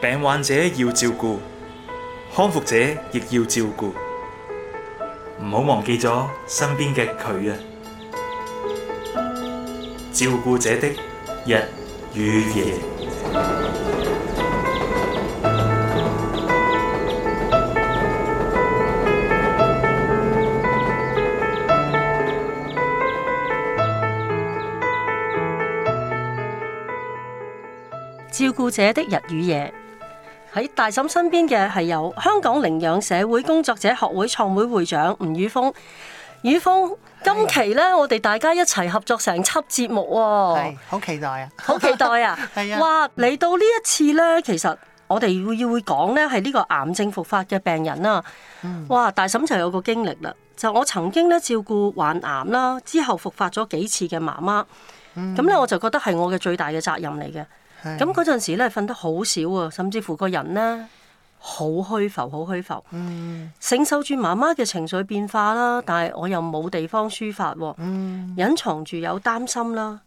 病患者要照顧，康復者亦要照顧，唔好忘記咗身邊嘅佢呀！照顧者的日與夜，照顧者的日與夜。喺大嬸身邊嘅係有香港領養社會工作者學會創會會長吳宇峰，宇峰今期咧，哎、呀我哋大家一齊合作成輯節目，哦，係好期待啊，好期待啊，係 啊，哇，嚟到呢一次咧，其實我哋會要講咧，係呢個癌症復發嘅病人啦，啊，嗯、哇，大嬸就有個經歷啦，就我曾經咧照顧患癌啦之後復發咗幾次嘅媽媽，咁咧、嗯、我就覺得係我嘅最大嘅責任嚟嘅。咁嗰陣時咧，瞓得好少啊，甚至乎個人咧好虛浮，好虛浮。承受住媽媽嘅情緒變化啦，但係我又冇地方抒發啊，嗯，隱藏住有擔心啦，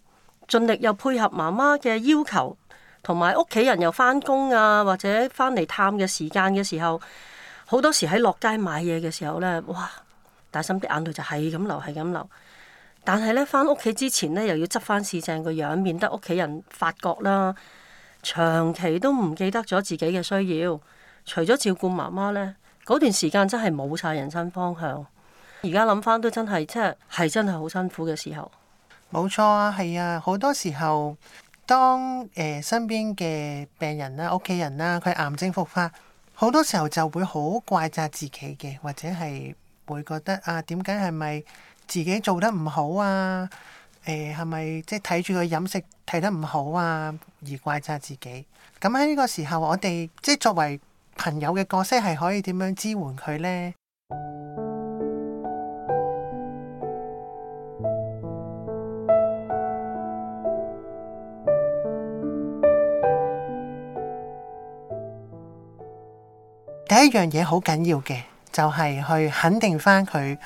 盡力又配合媽媽嘅要求，同埋屋企人又翻工啊，或者翻嚟探嘅時間嘅時候，好多時喺落街買嘢嘅時候咧，哇！大心啲眼淚就係咁流，係咁流。但係咧，返屋企之前咧，又要執返市正個樣，免得屋企人發覺啦。長期都唔記得咗自己嘅需要，除咗照顧媽媽咧，嗰段時間真係冇晒人生方向。而家諗返都真係，即係係真係好辛苦嘅時候。冇錯啊，係啊，好多時候，當誒身邊嘅病人啦、屋企人啦，佢癌症復發，好多時候就會好怪責自己嘅，或者係會覺得啊，點解係咪是自己做得唔好啊？誒、呃，係咪即係睇住佢飲食睇得唔好啊？而怪責自己？咁喺呢個時候，我哋即係作為朋友嘅角色，係可以點樣支援佢呢？ 第一樣嘢好緊要嘅，就係、是、去肯定返佢。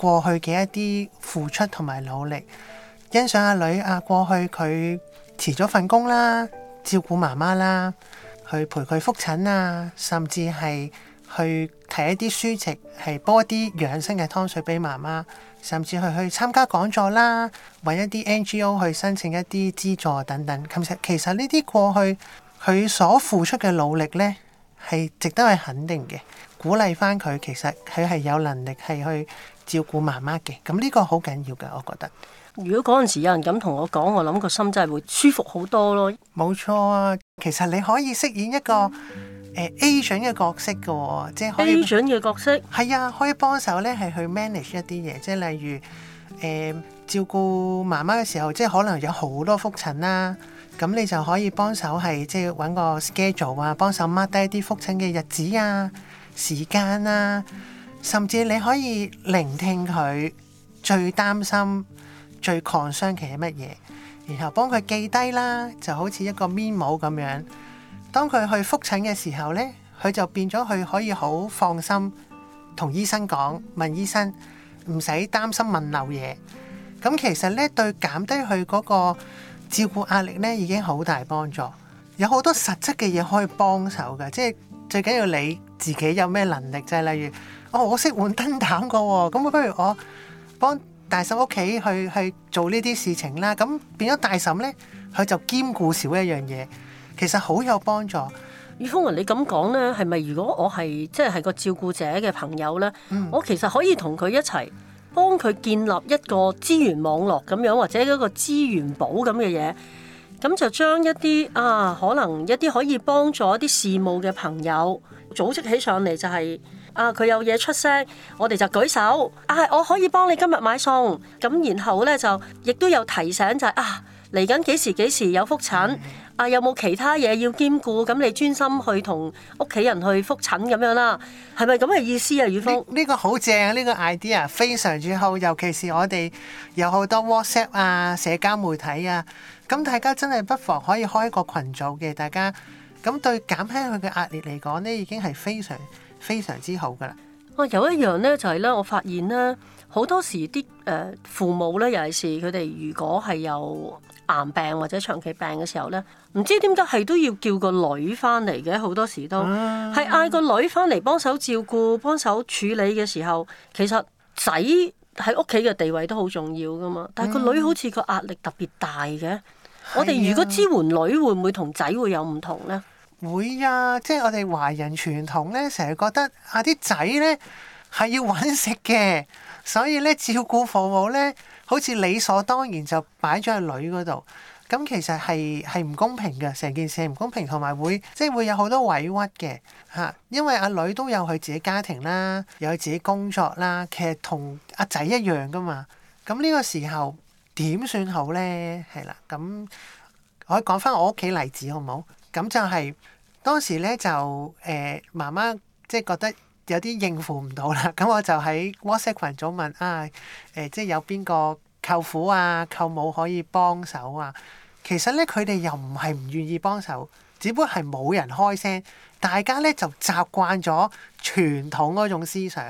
過去嘅一啲付出同埋努力，欣賞阿女啊，過去佢辭咗份工啦，照顧媽媽啦，去陪佢復診啊，甚至係去睇一啲書籍，係煲一啲養生嘅湯水俾媽媽，甚至係去參加講座啦，搵一啲 NGO 去申請一啲資助等等。其實其實呢啲過去佢所付出嘅努力呢。係值得去肯定嘅，鼓勵翻佢。其實佢係有能力係去照顧媽媽嘅。咁、這、呢個好緊要噶，我覺得。如果嗰陣時有人咁同我講，我諗個心真係會舒服好多咯。冇錯啊，其實你可以飾演一個誒 agent 嘅角色噶，即係 agent 嘅角色。係啊，可以幫手咧，係去 manage 一啲嘢，即係例如誒、呃、照顧媽媽嘅時候，即係可能有好多復診啦。咁你就可以幫手係即係揾個 schedule 啊，幫手 mark 低啲復診嘅日子啊、時間啊，甚至你可以聆聽佢最擔心、最抗傷期係乜嘢，然後幫佢記低啦，就好似一個 memo 咁樣。當佢去復診嘅時候咧，佢就變咗佢可以好放心同醫生講，問醫生唔使擔心問漏嘢。咁其實咧，對減低佢嗰個照顧壓力咧已經好大幫，幫助有好多實質嘅嘢可以幫手嘅，即係最緊要你自己有咩能力，就係例如、哦、我識換燈膽嘅，咁、哦、不如我幫大嬸屋企去去做呢啲事情啦。咁變咗大嬸咧，佢就兼顧少一樣嘢，其實好有幫助。宇峯啊，你咁講咧，係咪如果我係即係個照顧者嘅朋友咧，嗯、我其實可以同佢一齊？幫佢建立一個資源網絡咁樣，或者一個資源寶咁嘅嘢，咁就將一啲啊，可能一啲可以幫助一啲事務嘅朋友組織起上嚟、就係，就係啊，佢有嘢出聲，我哋就舉手，啊，我可以幫你今日買餸，咁然後呢，就亦都有提醒就係、係、啊。嚟緊幾時幾時有覆診？嗯、啊，有冇其他嘢要兼顧？咁你專心去同屋企人去覆診咁樣啦，係咪咁嘅意思啊？宇峰，呢個好正，呢、這個 idea 非常之好，尤其是我哋有好多 WhatsApp 啊、社交媒體啊，咁大家真係不妨可以開個群組嘅，大家咁對減輕佢嘅壓力嚟講呢已經係非常非常之好噶啦。哦、啊，有一樣呢，就係、是、咧，我發現呢，好多時啲誒、呃、父母呢，尤其是佢哋如果係有。癌病或者長期病嘅時候呢，唔知點解係都要叫個女翻嚟嘅，好多時都係嗌、嗯、個女翻嚟幫手照顧、幫手處理嘅時候，其實仔喺屋企嘅地位都好重要㗎嘛。但係個女好似個壓力特別大嘅。嗯、我哋如果支援女、啊、會唔會同仔會有唔同呢？會啊，即、就、係、是、我哋華人傳統呢，成日覺得啊啲仔呢係要揾食嘅，所以呢照顧父母呢。好似理所當然就擺咗喺女嗰度，咁其實係係唔公平㗎，成件事係唔公平，同埋會即係會有好多委屈嘅嚇，因為阿女都有佢自己家庭啦，有佢自己工作啦，其實同阿仔一樣㗎嘛。咁呢個時候點算好咧？係啦，咁我可以講返我屋企例子好唔好？咁就係當時咧就誒、欸、媽媽即係覺得。有啲應付唔到啦，咁我就喺 WhatsApp 群組問啊，誒、呃，即係有邊個舅父啊、舅母可以幫手啊？其實咧，佢哋又唔係唔願意幫手，只不過係冇人開聲，大家咧就習慣咗傳統嗰種思想，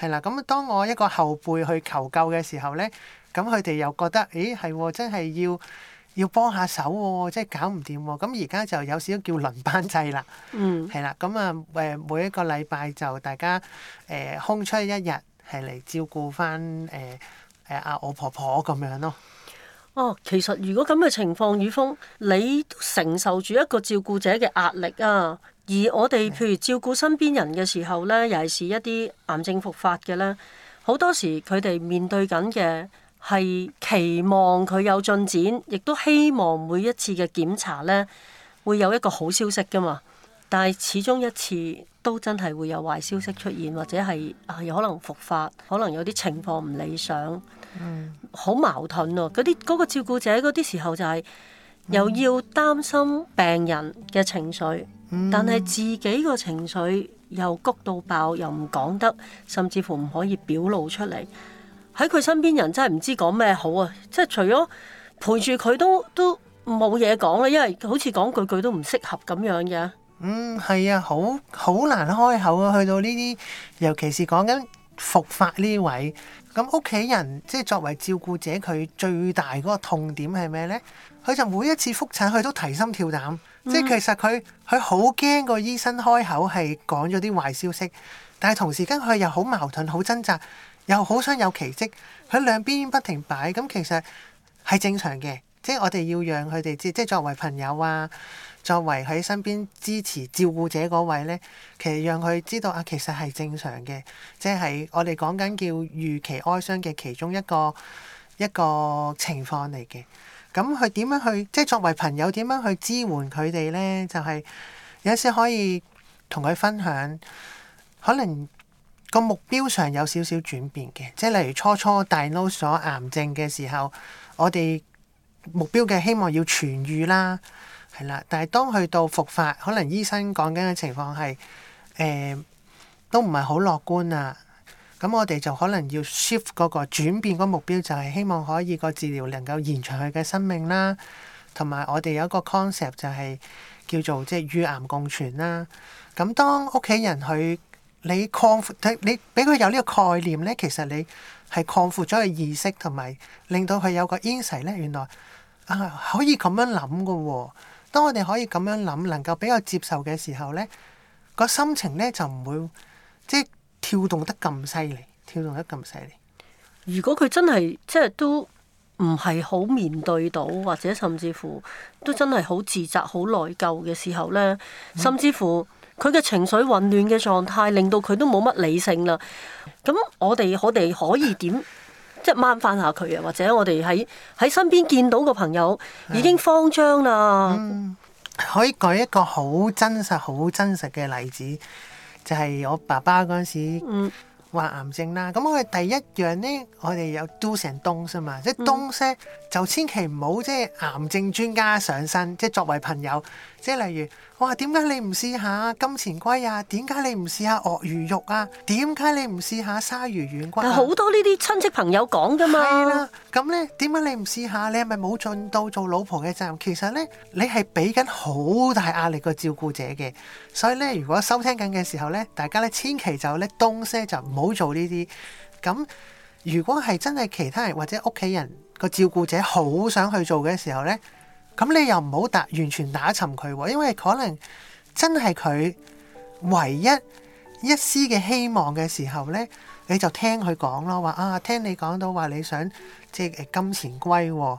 係啦。咁當我一個後輩去求救嘅時候咧，咁佢哋又覺得，咦，係喎，真係要。要幫下手喎，即係搞唔掂喎。咁而家就有少少叫輪班制啦，係啦、嗯。咁啊誒，每一個禮拜就大家誒、呃、空出一日係嚟照顧翻誒誒阿我婆婆咁樣咯。哦，其實如果咁嘅情況，宇峰，你都承受住一個照顧者嘅壓力啊。而我哋譬如照顧身邊人嘅時候咧，尤其是一啲癌症復發嘅咧，好多時佢哋面對緊嘅。係期望佢有進展，亦都希望每一次嘅檢查咧會有一個好消息噶嘛。但係始終一次都真係會有壞消息出現，或者係係、啊、可能復發，可能有啲情況唔理想。好、嗯、矛盾啊、哦。啲嗰、嗰個照顧者嗰啲時候就係、係、又要擔心病人嘅情緒，嗯、但係自己個情緒又谷到爆，又唔講得，甚至乎唔可以表露出嚟。喺佢身邊人真係唔知講咩好啊！即係除咗陪住佢都都冇嘢講啦，因為好似講句句都唔適合咁樣嘅。嗯，係啊，好好難開口啊！去到呢啲，尤其是講緊復發呢位咁屋企人，即係作為照顧者，佢最大嗰個痛點係咩呢？佢就每一次覆診，佢都提心吊膽，嗯、即係其實佢佢好驚個醫生開口係講咗啲壞消息，但係同時跟佢又好矛盾，好掙扎。又好想有奇蹟，佢兩邊不停擺，咁其實係正常嘅，即係我哋要讓佢哋知，即係作為朋友啊，作為喺身邊支持照顧者嗰位呢，其實讓佢知道啊，其實係正常嘅，即係我哋講緊叫預期哀傷嘅其中一個一個情況嚟嘅。咁佢點樣去，即係作為朋友點樣去支援佢哋呢？就係有陣時可以同佢分享，可能。個目標上有少少轉變嘅，即係例如初初 diagnose 咗癌症嘅時候，我哋目標嘅希望要痊癒啦，係啦。但係當去到復發，可能醫生講緊嘅情況係誒都唔係好樂觀啊。咁我哋就可能要 shift 嗰個轉變嗰目標，就係、是、希望可以個治療能夠延長佢嘅生命啦。同埋我哋有一個 concept 就係、是、叫做即係與癌共存啦。咁當屋企人去。你擴闊，你你俾佢有呢個概念咧，其實你係擴闊咗佢意識，同埋令到佢有個 insight 咧。原來啊，可以咁樣諗嘅喎。當我哋可以咁樣諗，能夠比較接受嘅時候咧，個心情咧就唔會即係跳動得咁犀利，跳動得咁犀利。如果佢真係即係都唔係好面對到，或者甚至乎都真係好自責、好內疚嘅時候咧，甚至乎、嗯。佢嘅情緒混亂嘅狀態，令到佢都冇乜理性啦。咁我哋我哋可以點即係掹返下佢啊？或者我哋喺喺身邊見到個朋友已經慌張啦、嗯嗯。可以舉一個好真實、好真實嘅例子，就係、是、我爸爸嗰陣時患癌症啦。咁我哋第一樣呢，我哋有 do and don't 嘛，即係 don't 就千祈唔好即係癌症專家上身，即係作為朋友，即係例如。我話，點解你唔試下金錢龜啊？點解你唔試下鱷魚肉啊？點解你唔試下鯊魚軟骨啊？但係好多呢啲親戚朋友講噶嘛。係啦，咁咧，點解你唔試下？你係咪冇盡到做老婆嘅責任？其實咧，你係俾緊好大壓力個照顧者嘅。所以咧，如果收聽緊嘅時候咧，大家咧千祈就拎東西就，就唔好做呢啲。咁如果係真係其他人或者屋企人個照顧者好想去做嘅時候咧。咁你又唔好打完全打沉佢喎，因為可能真係佢唯一一絲嘅希望嘅時候咧，你就聽佢講咯，話啊，聽你講到話你想即係金錢龜吓喎，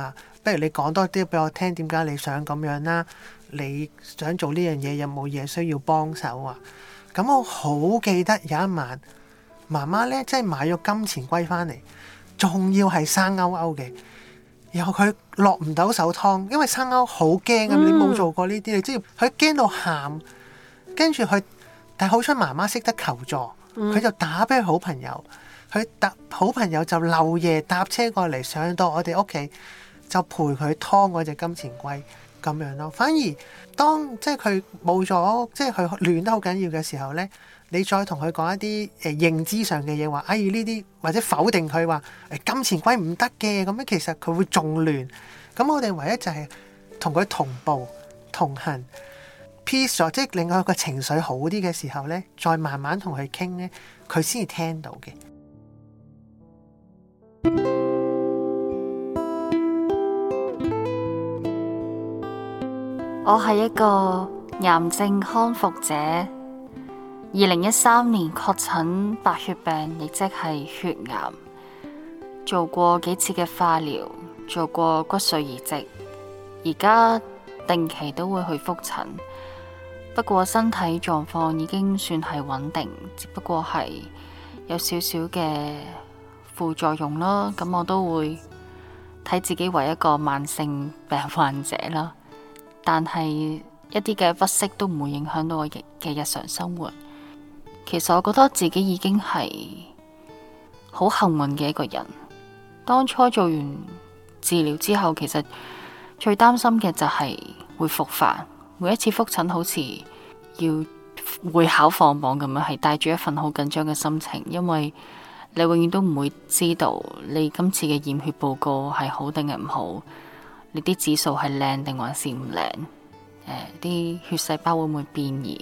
啊，不如你講多啲俾我聽，點解你想咁樣啦，啊？你想做呢樣嘢有冇嘢需要幫手啊？咁我好記得有一晚，媽媽咧即係買咗金錢龜返嚟，仲要係生勾勾嘅。然後佢落唔到手劏，因為生鷄好驚啊！你冇做過呢啲，你知佢驚到喊，跟住佢，但係好彩媽媽識得求助，佢就打俾佢好朋友，佢搭好朋友就漏夜搭車過嚟上到我哋屋企，就陪佢劏嗰隻金錢龜咁樣咯。反而當即係佢冇咗，即係佢暖得好緊要嘅時候咧。你再同佢講一啲誒、呃、認知上嘅嘢，話哎呢啲或者否定佢話誒金錢鬼唔得嘅咁樣，其實佢會仲亂。咁我哋唯一就係同佢同步同行 peace 咗、哦，即係令佢個情緒好啲嘅時候咧，再慢慢同佢傾咧，佢先至聽到嘅。我係一個癌症康復者。二零一三年確診白血病，亦即係血癌，做過幾次嘅化療，做過骨髓移植，而家定期都會去復診。不過身體狀況已經算係穩定，只不過係有少少嘅副作用啦。咁我都會睇自己為一個慢性病患者啦，但係一啲嘅不適都唔會影響到我嘅日常生活。其實我覺得自己已經係好幸運嘅一個人。當初做完治療之後，其實最擔心嘅就係會復發。每一次復診好似要會考放榜咁樣，係帶住一份好緊張嘅心情，因為你永遠都唔會知道你今次嘅驗血報告係好定係唔好，你啲指數係靚定還是唔靚，啲、呃、血細胞會唔會變異？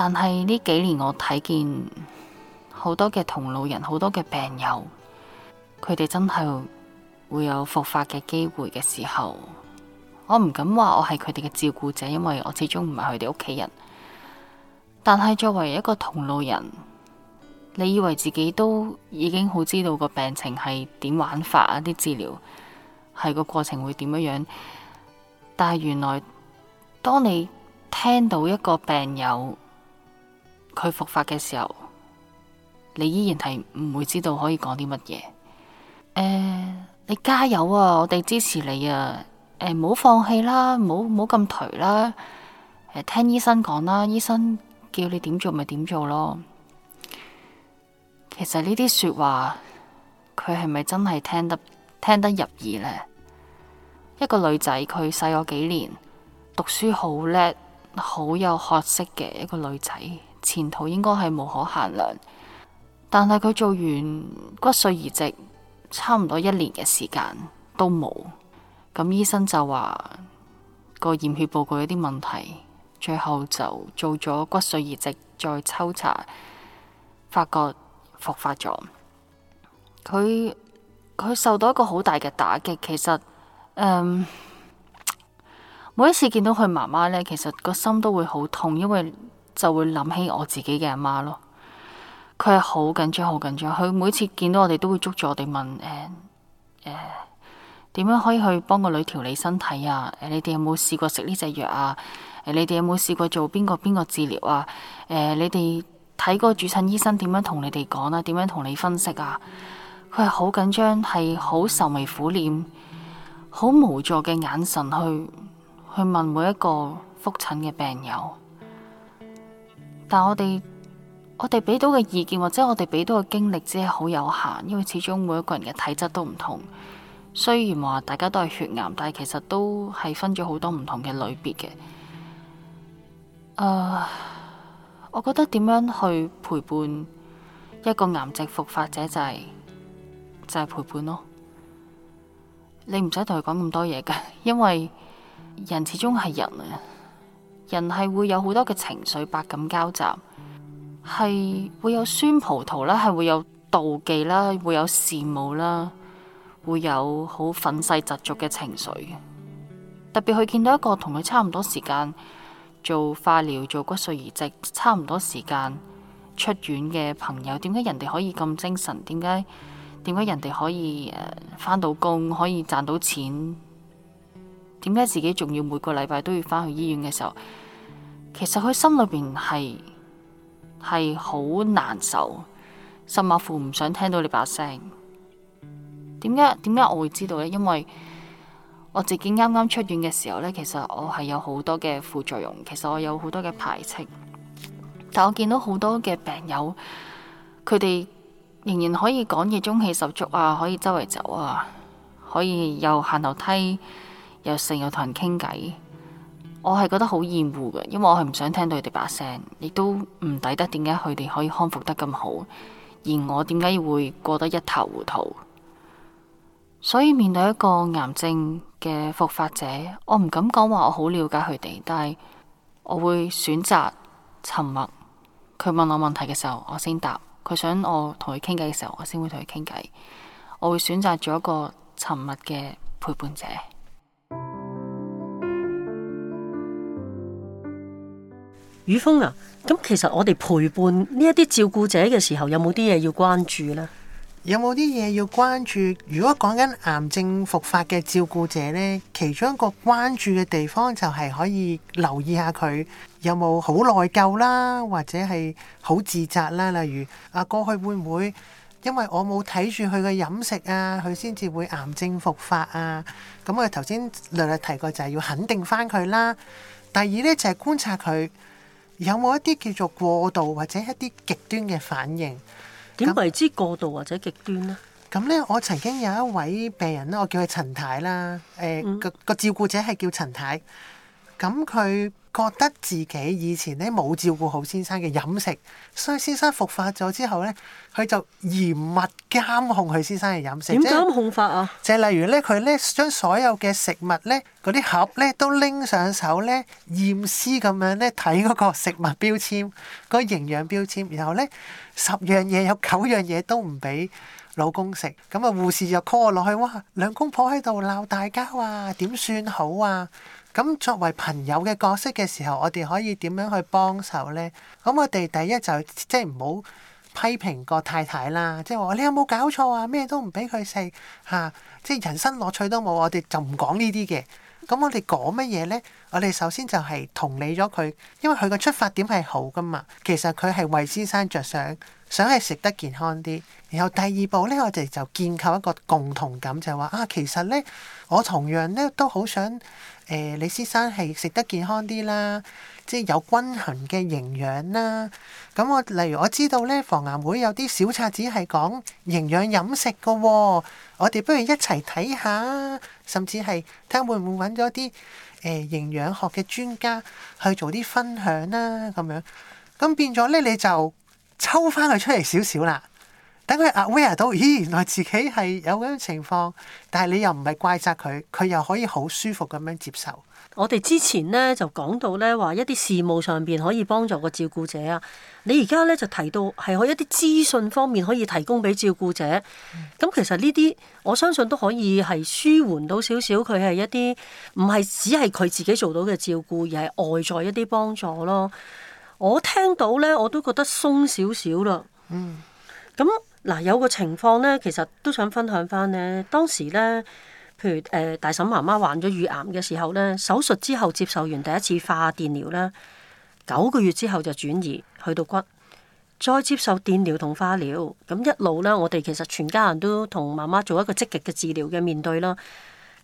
但係呢幾年，我睇見好多嘅同路人，好多嘅病友，佢哋真係會有復發嘅機會嘅時候，我唔敢話我係佢哋嘅照顧者，因為我始終唔係佢哋屋企人。但係作為一個同路人，你以為自己都已經好知道個病情係點玩法啊，啲治療係個過程會點樣樣？但係原來當你聽到一個病友，佢復發嘅時候，你依然係唔會知道可以講啲乜嘢。誒、呃，你加油啊！我哋支持你啊！誒、呃，唔好放棄啦，唔好咁頹啦。誒、呃，聽醫生講啦，醫生叫你點做咪點做咯。其實呢啲說話，佢係咪真係聽得聽得入耳呢？一個女仔，佢細我幾年，讀書好叻，好有學識嘅一個女仔。前途應該係無可限量，但係佢做完骨髓移植差唔多一年嘅時間都冇，咁醫生就話個驗血報告有啲問題，最後就做咗骨髓移植再抽查，發覺復發咗，佢佢受到一個好大嘅打擊。其實，嗯，每一次見到佢媽媽呢，其實個心都會好痛，因為。就會諗起我自己嘅阿媽咯，佢係好緊張，好緊張。佢每次見到我哋都會捉住我哋問，誒、呃、誒，呃、點樣可以去幫個女調理身體啊？呃、你哋有冇試過食呢隻藥啊？呃、你哋有冇試過做邊個邊個治療啊？呃、你哋睇個主診醫生點樣同你哋講啊？點樣同你分析啊？佢係好緊張，係好愁眉苦臉、好無助嘅眼神去去問每一個複診嘅病友。但我哋我哋俾到嘅意見或者我哋俾到嘅經歷，只係好有限，因為始終每一個人嘅體質都唔同。雖然話大家都係血癌，但係其實都係分咗好多唔同嘅類別嘅。誒、uh，我覺得點樣去陪伴一個癌症復發者，就係，就係就係陪伴咯。你唔使同佢講咁多嘢㗎，因為人始終係人啊。人係會有好多嘅情緒，百感交集，係會有酸葡萄啦，係會有妒忌啦，會有羨慕啦，會有好憤世嫉俗嘅情緒。特別去見到一個同佢差唔多時間做化療、做骨髓移植、差唔多時間出院嘅朋友，點解人哋可以咁精神？點解點解人哋可以誒返到工、可以賺到錢？點解自己仲要每個禮拜都要返去醫院嘅時候，其實佢心裏邊係係好難受，甚至乎唔想聽到你把聲。點解點解我會知道呢？因為我自己啱啱出院嘅時候呢，其實我係有好多嘅副作用，其實我有好多嘅排斥。但我見到好多嘅病友，佢哋仍然可以講嘢，中氣十足啊，可以周圍走啊，可以又行樓梯。又成日同人傾偈，我係覺得好厭惡嘅，因為我係唔想聽到佢哋把聲，亦都唔抵得。點解佢哋可以康復得咁好，而我點解會過得一塌糊塗？所以面對一個癌症嘅復發者，我唔敢講話，我好了解佢哋。但係我會選擇沉默。佢問我問題嘅時候，我先答；佢想我同佢傾偈嘅時候，我先會同佢傾偈。我會選擇做一個沉默嘅陪伴者。雨峰啊，咁其實我哋陪伴呢一啲照顧者嘅時候，有冇啲嘢要關注呢？有冇啲嘢要關注？如果講緊癌症復發嘅照顧者呢，其中一個關注嘅地方就係可以留意下佢有冇好內疚啦，或者係好自責啦。例如啊，過去會唔會因為我冇睇住佢嘅飲食啊，佢先至會癌症復發啊？咁我頭先略略提過，就係要肯定返佢啦。第二呢，就係、是、觀察佢。有冇一啲叫做過度或者一啲極端嘅反應？點為之過度或者極端咧？咁咧，我曾經有一位病人啦，我叫佢陳太啦，誒、呃嗯、個個照顧者係叫陳太，咁佢覺得自己以前咧冇照顧好先生嘅飲食，所以先生復發咗之後咧，佢就嚴密監控佢先生嘅飲食。點監控法啊？即係例如咧，佢咧將所有嘅食物咧嗰啲盒咧都拎上手咧，驗屍咁樣咧睇嗰個食物標籤、嗰個營養標籤，然後咧十樣嘢有九樣嘢都唔俾老公食。咁啊，護士就 call 我落去，哇！兩公婆喺度鬧大交啊，點算好啊？咁作為朋友嘅角色嘅時候，我哋可以點樣去幫手咧？咁我哋第一就即係唔好批評個太太啦，即係話你有冇搞錯啊？咩都唔俾佢食嚇，即係人生樂趣都冇。我哋就唔講呢啲嘅。咁我哋講乜嘢咧？我哋首先就係同理咗佢，因為佢個出發點係好噶嘛。其實佢係為先生着想，想係食得健康啲。然後第二步咧，我哋就建構一個共同感，就係話啊，其實咧我同樣咧都好想。誒、呃，李先生係食得健康啲啦，即係有均衡嘅營養啦。咁我例如我知道咧，防癌會有啲小冊子係講營養飲食㗎喎，我哋不如一齊睇下，甚至係睇下會唔會揾咗啲誒營養學嘅專家去做啲分享啦，咁樣咁變咗咧，你就抽翻佢出嚟少少啦。等佢啊 aware 到，咦，原來自己係有嗰種情況，但係你又唔係怪責佢，佢又可以好舒服咁樣接受。我哋之前咧就講到咧話，一啲事務上邊可以幫助個照顧者啊。你而家咧就提到係可一啲資訊方面可以提供俾照顧者，咁、嗯、其實呢啲我相信都可以係舒緩到少少。佢係一啲唔係只係佢自己做到嘅照顧，而係外在一啲幫助咯。我聽到咧我都覺得鬆少少啦。嗯，咁、嗯。嗱、啊，有個情況咧，其實都想分享翻咧。當時咧，譬如誒、呃、大嬸媽媽患咗乳癌嘅時候咧，手術之後接受完第一次化電療咧，九個月之後就轉移去到骨，再接受電療同化療，咁一路咧，我哋其實全家人都同媽媽做一個積極嘅治療嘅面對啦。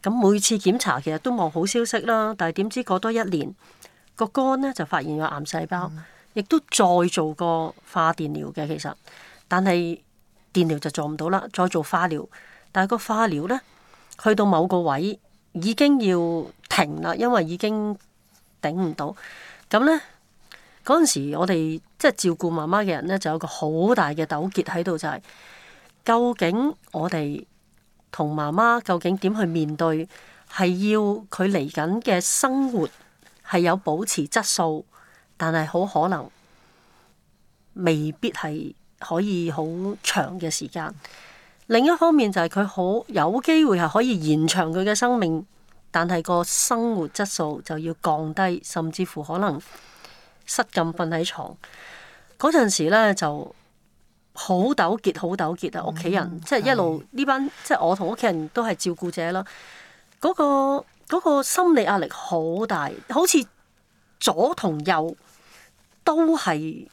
咁每次檢查其實都望好消息啦，但係點知過多一年，個肝咧就發現有癌細胞，亦都再做過化電療嘅，其實，但係。電療就做唔到啦，再做化療，但係個化療咧，去到某個位已經要停啦，因為已經頂唔到。咁咧，嗰陣時我哋即係照顧媽媽嘅人咧，就有個好大嘅糾結喺度，就係究竟我哋同媽媽究竟點去面對，係要佢嚟緊嘅生活係有保持質素，但係好可能未必係可以好長嘅時間，另一方面就係佢好有機會係可以延長佢嘅生命，但係個生活質素就要降低，甚至乎可能失禁瞓喺床。嗰陣時咧就好糾結，好糾結啊！屋企、嗯、人即係、就是、一路呢是班即係、就是、我同屋企人都係照顧者啦，嗰、嗰個嗰、嗰個心理壓力好大，好似左同右都係。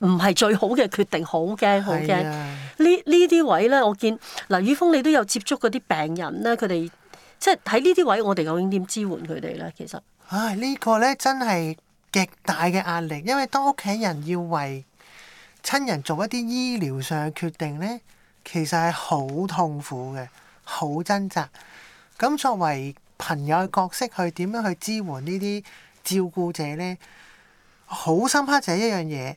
唔係最好嘅決定，好驚，好驚。呢呢啲位呢，我見劉宇峰你都有接觸嗰啲病人呢，佢哋即係喺呢啲位，我哋究竟點支援佢哋呢？其實、啊，唉，呢個呢，真係極大嘅壓力，因為當屋企人要為親人做一啲醫療上嘅決定呢，其實係好痛苦嘅，好掙扎。咁作為朋友嘅角色，去點樣去支援呢啲照顧者呢？好深刻就係一樣嘢。.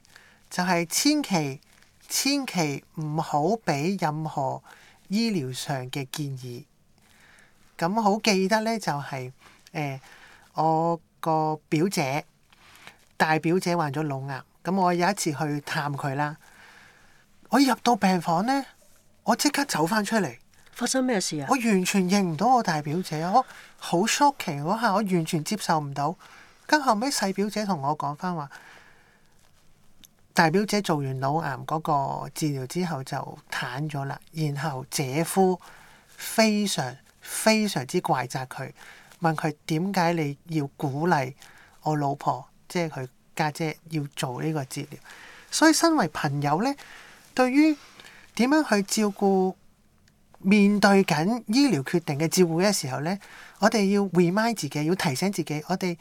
就係千祈千祈唔好俾任何醫療上嘅建議。咁好記得咧，就係、是、誒、欸、我個表姐大表姐患咗腦癌。咁我有一次去探佢啦，我入到病房咧，我即刻走翻出嚟。發生咩事啊？我完全認唔到我大表姐，我好 shock 嘅嗰下，我完全接受唔到。跟後尾細表姐同我講翻話。大表姐做完腦癌嗰個治療之後就癱咗啦，然後姐夫非常非常之怪責佢，問佢點解你要鼓勵我老婆，即係佢家姐，姐要做呢個治療？所以身為朋友咧，對於點樣去照顧面對緊醫療決定嘅照顧嘅時候咧，我哋要 remind 自己，要提醒自己，我哋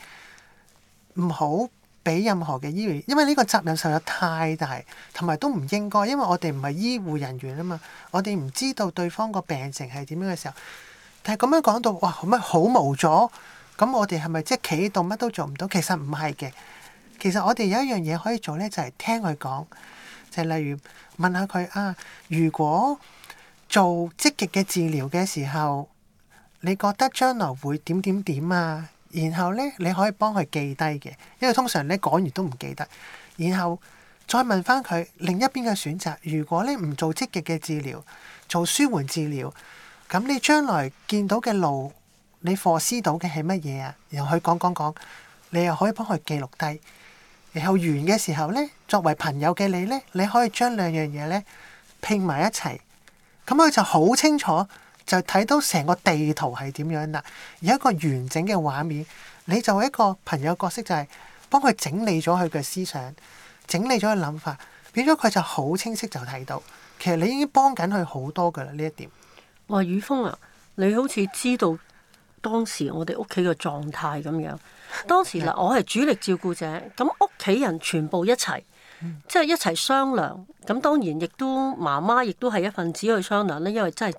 唔好。俾任何嘅醫療，因為呢個責任實在太大，同埋都唔應該，因為我哋唔係醫護人員啊嘛，我哋唔知道對方個病情係點樣嘅時候。但係咁樣講到哇，乜好無助，咁、嗯、我哋係咪即係企喺度乜都做唔到？其實唔係嘅，其實我哋有一樣嘢可以做咧，就係、係、聽佢講，就係、例如問下佢啊，如果做積極嘅治療嘅時候，你覺得將來會點點點啊？然後咧，你可以幫佢記低嘅，因為通常咧講完都唔記得。然後再問翻佢另一邊嘅選擇，如果咧唔做積極嘅治療，做舒緩治療，咁你將來見到嘅路，你 foresee 到嘅係乜嘢啊？然後佢講講講，你又可以幫佢記錄低。然後完嘅時候咧，作為朋友嘅你咧，你可以將兩樣嘢咧拼埋一齊，咁佢就好清楚。就睇到成個地圖係點樣啦，而一個完整嘅畫面，你就一個朋友角色就係幫佢整理咗佢嘅思想，整理咗佢諗法，變咗佢就好清晰就睇到。其實你已經幫緊佢好多噶啦呢一點。哇，宇峰啊，你好似知道當時我哋屋企嘅狀態咁樣。當時嗱，是我係主力照顧者，咁屋企人全部一齊，即係、嗯、一齊商量。咁當然亦都媽媽亦都係一份子去商量咧，因為真係。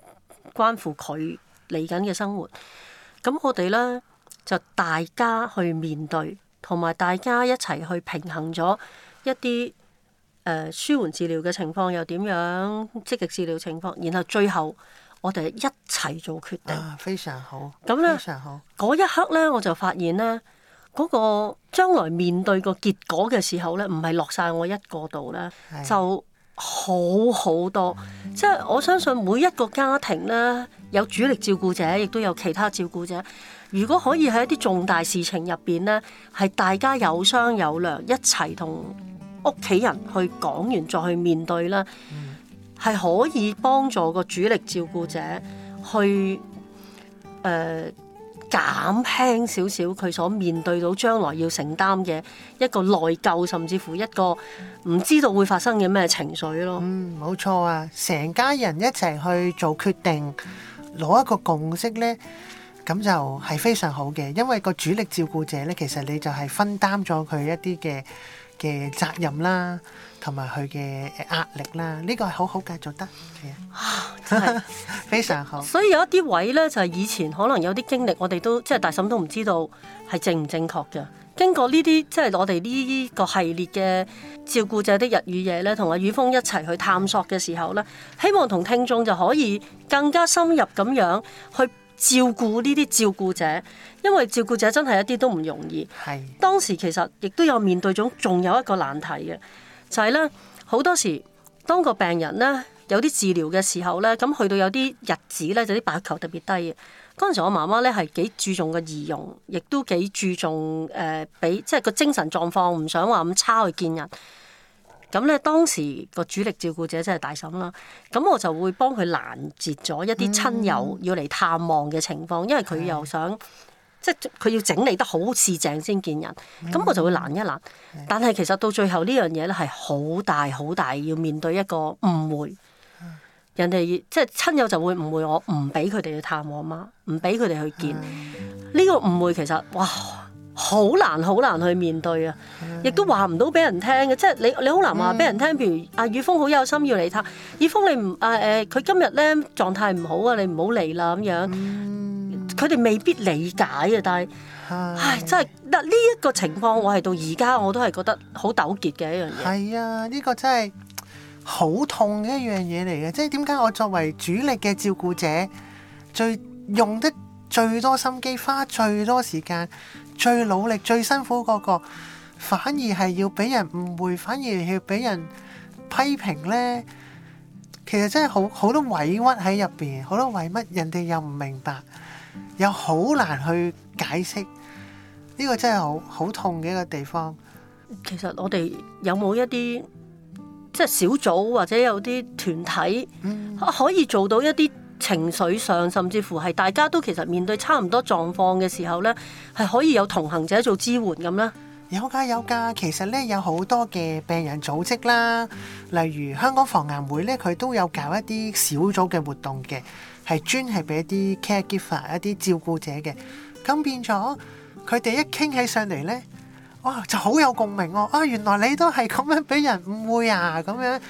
關乎佢嚟緊嘅生活，咁我哋咧就大家去面對，同埋大家一齊去平衡咗一啲誒、呃、舒緩治療嘅情況又點樣，積極治療情況，然後最後我哋一齊做決定。啊，非常好。非常好。咁咧，嗰一刻咧，我就發現咧，嗰個將來面對個結果嘅時候咧，唔係落晒我一個度咧，是就。好好多，即係我相信每一個家庭咧，有主力照顧者，亦都有其他照顧者。如果可以喺一啲重大事情入邊咧，係大家有商有量，一齊同屋企人去講完，再去面對啦，係可以幫助個主力照顧者去誒。呃減輕少少佢所面對到將來要承擔嘅一個內疚，甚至乎一個唔知道會發生嘅咩情緒咯。嗯，冇錯啊，成家人一齊去做決定，攞一個共識呢，咁就係非常好嘅，因為個主力照顧者呢，其實你就係分擔咗佢一啲嘅。嘅責任啦，同埋佢嘅壓力啦，呢、這個係好好繼續得係啊， 真是 非常好。所以有一啲位呢，就係、是、以前可能有啲經歷，我哋都即係大嬸都唔知道係正唔正確嘅。經過呢啲即係我哋呢個系列嘅照顧者的日與夜呢，同阿宇峰一齊去探索嘅時候呢，希望同聽眾就可以更加深入咁樣去。照顧呢啲照顧者，因為照顧者真係一啲都唔容易。係的當時其實亦都有面對咗，仲有一個難題嘅，就係咧好多時當個病人咧有啲治療嘅時候咧，咁去到有啲日子咧就啲白球特別低嘅。嗰陣時我媽媽咧係幾注重個儀容，亦都幾注重誒，俾、呃、即係個精神狀況，唔想話咁差去見人。咁咧當時個主力照顧者真係大嬸啦，咁我就會幫佢攔截咗一啲親友要嚟探望嘅情況，嗯、因為佢又想的即係佢要整理得好似正先見人，咁、嗯、我就會攔一攔。但係其實到最後呢樣嘢咧係好大好大要面對一個誤會，人哋即係親友就會誤會我唔俾佢哋去探我阿媽，唔俾佢哋去見呢、嗯、個誤會其實哇！好難好難去面對啊，亦都話唔到俾人聽嘅，即係你你好難話俾人聽。嗯、譬如阿宇峰好有心要你睇，宇峰你唔阿誒，佢今日咧狀態唔好啊，呃、好你唔好嚟啦咁樣。佢哋、嗯、未必理解啊，但係，是唉，真係嗱呢一個情況，我係到而家我都係覺得好糾結嘅一樣嘢。係啊，呢、這個真係好痛嘅一樣嘢嚟嘅，即係點解我作為主力嘅照顧者，最用得最多心機，花最多時間。最努力、最辛苦嗰個，反而係要俾人誤會，反而要俾人批評咧。其實真係好好多委屈喺入邊，好多委屈人哋又唔明白，又好難去解釋呢、這個真係好好痛嘅一個地方。其實我哋有冇一啲即係小組或者有啲團體、嗯、可以做到一啲？情緒上，甚至乎係大家都其實面對差唔多狀況嘅時候呢，係可以有同行者做支援咁啦。有㗎，有㗎。其實呢，有好多嘅病人組織啦，例如香港防癌會呢，佢都有搞一啲小組嘅活動嘅，係專係俾一啲 care giver 一啲照顧者嘅。咁變咗佢哋一傾起上嚟呢，哇，就好有共鳴喎！啊！啊，原來你都係咁樣俾人誤會啊！咁樣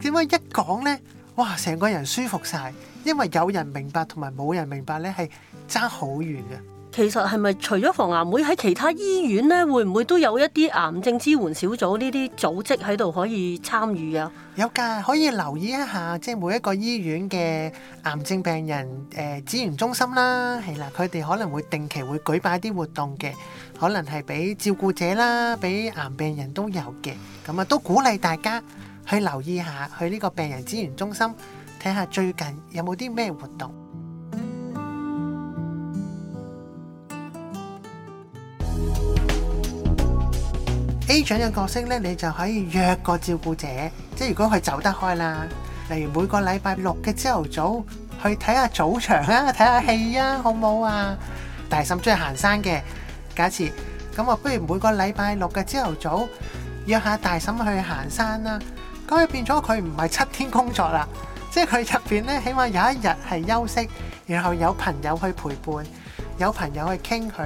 點解一講呢？哇！成個人舒服晒，因為有人明白同埋冇人明白呢，係爭好遠嘅。其實係咪除咗防癌會喺其他醫院呢，會唔會都有一啲癌症支援小組呢啲組織喺度可以參與啊？有噶，可以留意一下，即係每一個醫院嘅癌症病人誒支援中心啦。係啦，佢哋可能會定期會舉辦一啲活動嘅，可能係俾照顧者啦，俾癌病人都有嘅。咁啊，都鼓勵大家。去留意下，去呢個病人資源中心睇下最近有冇啲咩活動。A 長嘅角色呢，你就可以約個照顧者，即係如果佢走得開啦。例如每個禮拜六嘅朝頭早去睇下早場啊，睇下戲啊，好唔好啊。大嬸中意行山嘅，假設咁啊，不如每個禮拜六嘅朝頭早約下大嬸去行山啦。所以變咗佢唔係七天工作啦，即係佢入邊咧，起碼有一日係休息，然後有朋友去陪伴，有朋友去傾佢。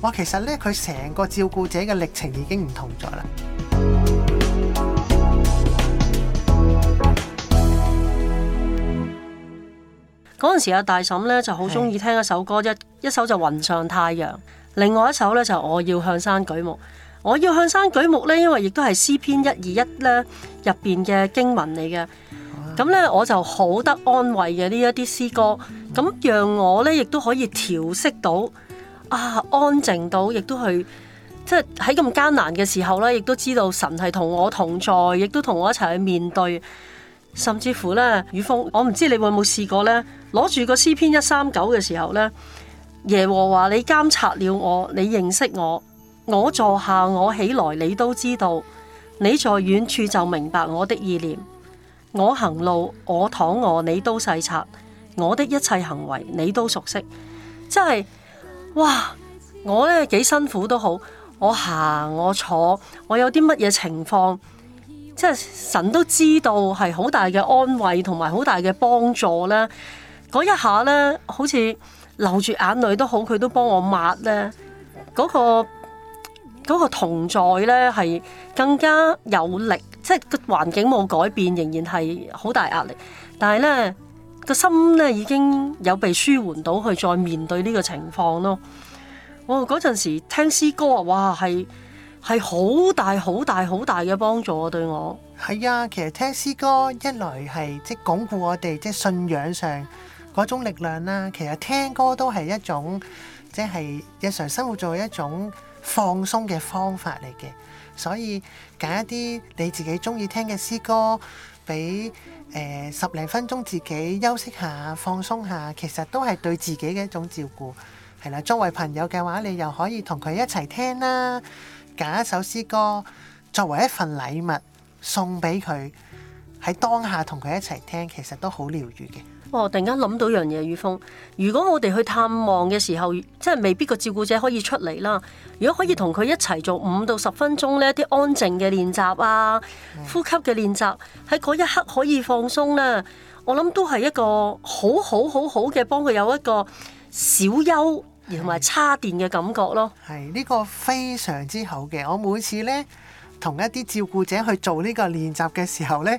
哇，其實咧，佢成個照顧者嘅歷程已經唔同咗啦。嗰陣時阿大嬸咧就好中意聽一首歌，一是一首就《雲上太陽》，另外一首咧就《我要向山舉目》。我要向山舉目咧，因為亦都係詩篇一二一咧入邊嘅經文嚟嘅。咁咧，我就好得安慰嘅呢一啲詩歌，咁讓我咧亦都可以調適到啊，安靜到，亦都去即係喺咁艱難嘅時候咧，亦都知道神係同我同在，亦都同我一齊去面對。甚至乎咧，雨峰，我唔知你會唔會試過咧，攞住個詩篇一三九嘅時候咧，耶和華你監察了我，你認識我。我坐下，我起來，你都知道；你在遠處就明白我的意念。我行路，我躺卧，你都細察我的一切行為，你都熟悉。即係哇，我咧幾辛苦都好，我行我坐，我有啲乜嘢情況，即係神都知道，係好大嘅安慰同埋好大嘅幫助咧。嗰一下咧，好似流住眼淚都好，佢都幫我抹咧。嗰個。嗰個同在呢係更加有力，即係個環境冇改變，仍然係好大壓力。但係呢個心呢，已經有被舒緩到，去再面對呢個情況咯。哇、哦！嗰陣時聽詩歌啊，哇，係係好大好大好大嘅幫助啊！對我係啊，其實聽詩歌一來係即係鞏固我哋即係信仰上嗰種力量啦、啊。其實聽歌都係一種即係日常生活做一種放鬆嘅方法嚟嘅，所以揀一啲你自己中意聽嘅詩歌，俾誒、呃、十零分鐘自己休息下、放鬆下，其實都係對自己嘅一種照顧。係啦，作為朋友嘅話，你又可以同佢一齊聽啦，揀一首詩歌作為一份禮物送俾佢，喺當下同佢一齊聽，其實都好療愈嘅。我、哦、突然間諗到樣嘢，雨峰，如果我哋去探望嘅時候，即係未必個照顧者可以出嚟啦。如果可以同佢一齊做五到十分鐘呢啲安靜嘅練習啊，呼吸嘅練習，喺嗰一刻可以放鬆咧，我諗都係一個好好好好嘅，幫佢有一個小休同埋叉電嘅感覺咯。係呢、這個非常之好嘅。我每次呢，同一啲照顧者去做呢個練習嘅時候呢。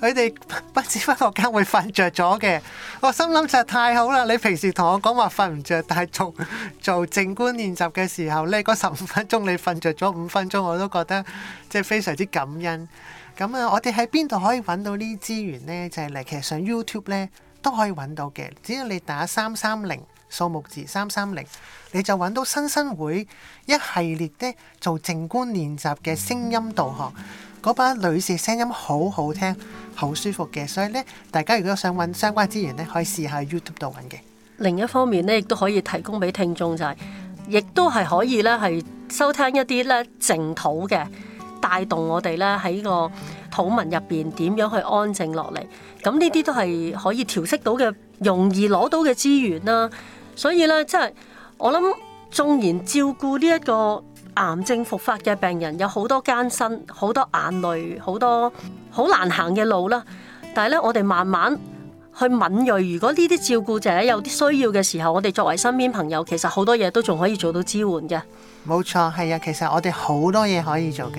佢哋 不知不覺間會瞓着咗嘅，我心諗就係太好啦！你平時同我講話瞓唔着，但係做做靜觀練習嘅時候呢，嗰十五分鐘你瞓着咗五分鐘，我都覺得即係非常之感恩。咁啊，我哋喺邊度可以揾到呢啲資源呢？就係、係、嚟其實上 YouTube 呢，都可以揾到嘅，只要你打三三零，數目字三三零，你就揾到新生會一系列咧做靜觀練習嘅聲音導航，嗰把女士聲音好好聽。好舒服嘅，所以咧，大家如果想揾相關資源咧，可以試下 YouTube 度揾嘅。另一方面咧，亦都可以提供俾聽眾就係、是，亦都係可以咧，係收聽一啲咧靜土嘅，帶動我哋咧喺個土文入邊點樣去安靜落嚟。咁呢啲都係可以調適到嘅，容易攞到嘅資源啦。所以咧，即係我諗，縱然照顧呢、這、一個。癌症複發嘅病人有好多艱辛，好多眼淚，好多好難行嘅路啦。但係咧，我哋慢慢去敏銳。如果呢啲照顧者有啲需要嘅時候，我哋作為身邊朋友，其實好多嘢都仲可以做到支援嘅。冇錯，係啊，其實我哋好多嘢可以做嘅。